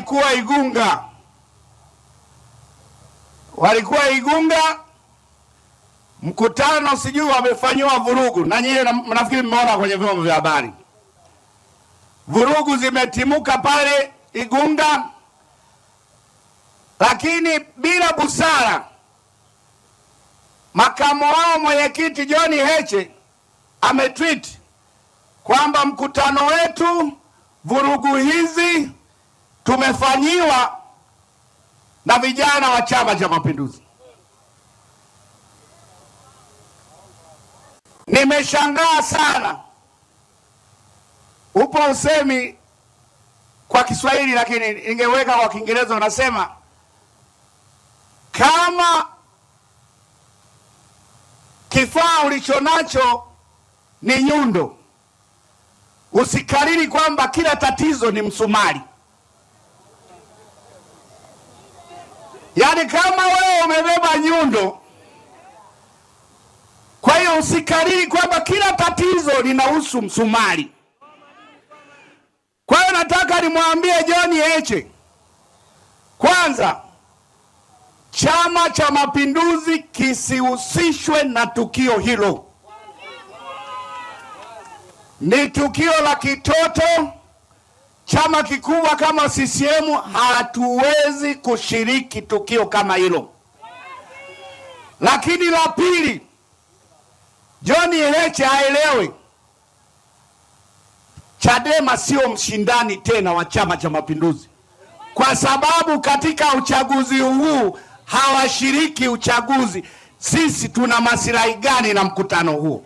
walikuwa Igunga, walikuwa Igunga mkutano, sijui wamefanyiwa vurugu, na nyinyi nafikiri mmeona kwenye vyombo vya habari, vurugu zimetimuka pale Igunga, lakini bila busara, makamu wao mwenyekiti John Heche ametweet kwamba mkutano wetu, vurugu hizi tumefanyiwa na vijana wa Chama cha Mapinduzi. Nimeshangaa sana, upo usemi kwa Kiswahili lakini ningeweka kwa Kiingereza, unasema kama kifaa ulicho nacho ni nyundo, usikariri kwamba kila tatizo ni msumari. Yaani kama wewe umebeba nyundo, kwa hiyo usikariri kwamba kila tatizo linahusu msumari. Kwa hiyo nataka nimwambie John Heche, kwanza, Chama cha Mapinduzi kisihusishwe na tukio hilo, ni tukio la kitoto Chama kikubwa kama CCM hatuwezi kushiriki tukio kama hilo. Lakini la pili, John Heche aelewe Chadema sio mshindani tena wa Chama cha Mapinduzi, kwa sababu katika uchaguzi huu hawashiriki uchaguzi. Sisi tuna masilahi gani na mkutano huo?